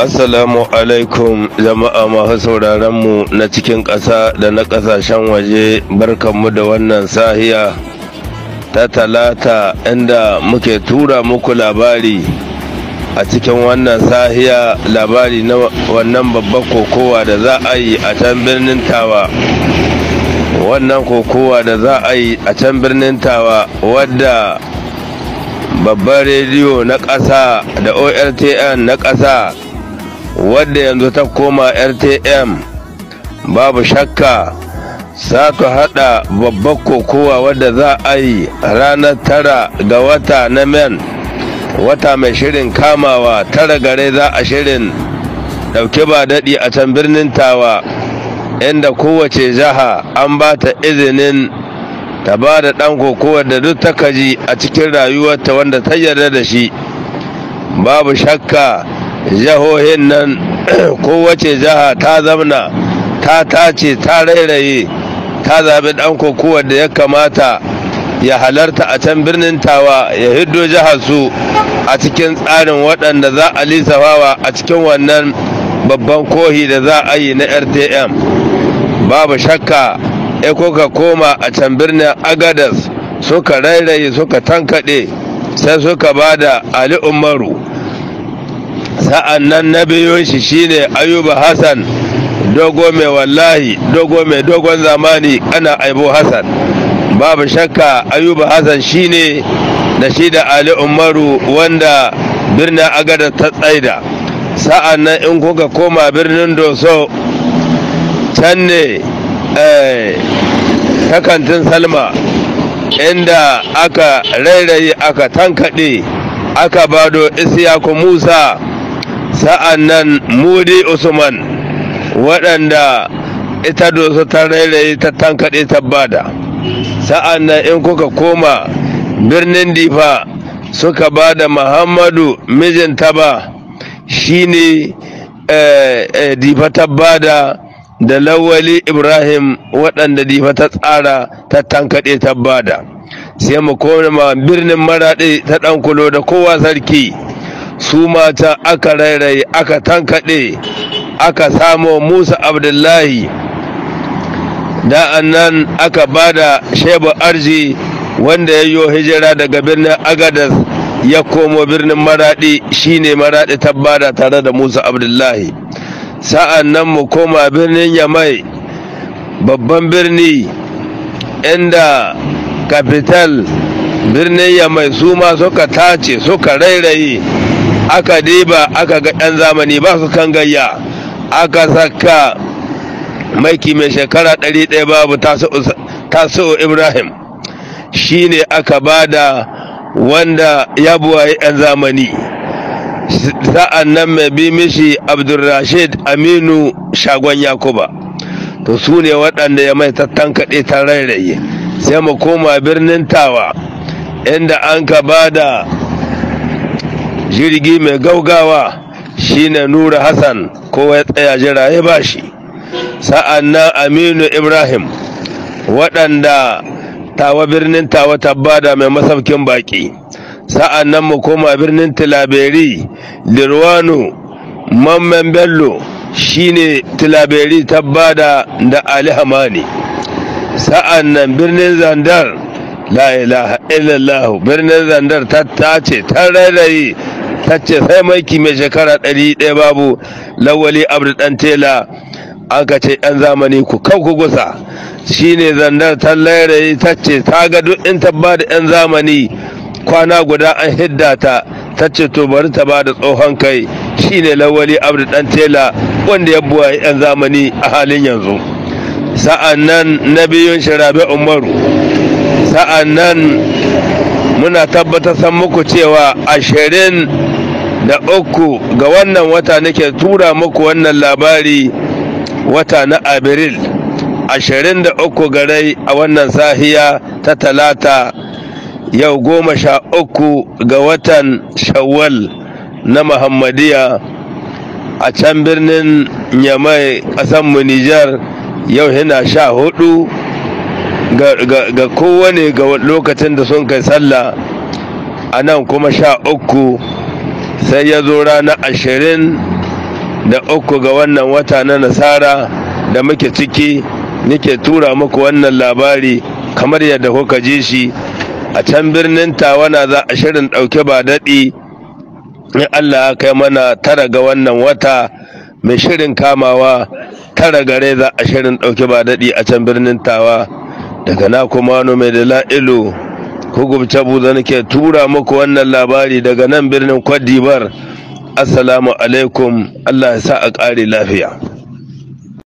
Assalamu alaikum jama'a masu sauraron mu na cikin ƙasa da na ƙasashen waje barkanmu da wannan sahiya ta talata inda muke tura muku labari a cikin wannan sahiya labari na wannan babban kokowa da za a yi a can birnin tawa wannan kokowa da za a yi a can birnin tawa wadda babban rediyo na ƙasa da oltn na ƙasa wadda yanzu ta koma rtm babu shakka za haɗa babbar kokowa wadda za a yi ranar tara ga wata na men wata mai shirin kamawa tara gare za a shirin ɗauki ba daɗi a can birnin tawa inda kowace jiha an ba ta izinin ta ba da ɗan kokowar da duk ta kaji a cikin rayuwarta wanda ta yarda da shi babu shakka jihohin nan kowace jiha ta zamna ta tace ta rairaye ta zaɓi ɗan kokowar da ya kamata ya halarta a can birnin tawa ya hiddo jihar su a cikin tsarin waɗanda za a lissafawa a cikin wannan babban kohi da za a yi na rtm babu shakka ya ka koma a can birnin agadas suka rairaye suka tankaɗe sai suka ba da ali umaru sa'an nan na biyun shi shine ayuba hassan dogo mai wallahi dogo mai dogon zamani ana aibo hassan babu shakka ayuba hassan shine da shi da ali umaru wanda birnin agada ta tsaida sa'an nan in kuka koma birnin doso can ne Eh, ta kantin salma inda aka rairayi aka tankaɗe aka bado isyaku musa sa'an nan mudi usman waɗanda ita dosu ta rairayi ta tankaɗe ta bada sa'an nan in kuka koma birnin difa suka ba da muhammadu mijin taba ne eh, eh, difa ta bada da lawali ibrahim waɗanda difa ta tsara ta tankaɗe ta bada sai mu koma birnin maraɗe ta ɗankulo da kowa sarki su mata aka rairaye aka tankaɗe aka samo musa abdullahi da nan aka bada shebu arji wanda ya yi hijira daga birnin agadas ya komo birnin maraɗi shine maraɗi ta tare da musa abdullahi sa'an nan mu koma birnin yamai babban birni inda capital birnin yamai su ma suka tace suka rairayi aka diba aka ga 'yan zamani ba su kan gayya aka saka maiki mai shekara 100 babu taso ibrahim shi shine aka bada wanda ya buwaye 'yan zamani sa'an nan mai bi mishi abdulrashid aminu shagon yakuba to su ne waɗanda ya mai tattankaɗe ta rairaye sai mu koma birnin tawa inda an ka ba da jirgi mai gaugawa shine nura hassan kowa ya tsaya jira ya ba shi sa'an nan aminu ibrahim waɗanda tawa birnin tawa ta tabbada mai masaukin baƙi sa'an nan mu koma birnin tilaberi lirwano mamman bello shine tilaberi tabbada da ali hamani sa'an nan birnin zandar la ilaha illallah birnin zandar ta tace ta rairaye ta ce sai maiki mai shekara ɗari ɗaya babu lawali abu ɗan tela an ka ce yan zamani ku kau ku gusa shine zandar ta rairaye ta ce ta ga duk in tabbada da yan zamani kwana guda an hidda ta ta ce to bari ta ba da tsohon kai shine lawali abdu dan tela wanda ya buwa yan zamani a halin yanzu sa'an nan na biyun shirabe umaru sa'an nan muna tabbatar san muku cewa ashirin da uku ga wannan wata nake tura muku wannan labari wata na Abiril ashirin da uku garai a wannan sahiya ta talata yau goma sha uku ga watan shawwal na muhammadiya a can birnin yamai mu nijar yau yana sha hudu ga kowane ga lokacin da sun kai sallah a nan kuma sha uku sai ya zo ranar ashirin da uku ga wannan wata na nasara da muke ciki nike tura muku wannan labari kamar yadda kuka ji shi a can birnin tawana za a shirin ɗauke ba daɗi in allah ya kai mana tara ga wannan wata mai shirin kamawa tara gare za a shirin ɗauke ba daɗi a can birnin tawa daga na kuma mai da la'ilu kugubce buza nake tura muku wannan labari daga nan birnin kwadibar assalamu alaikum allah ya sa a ƙare lafiya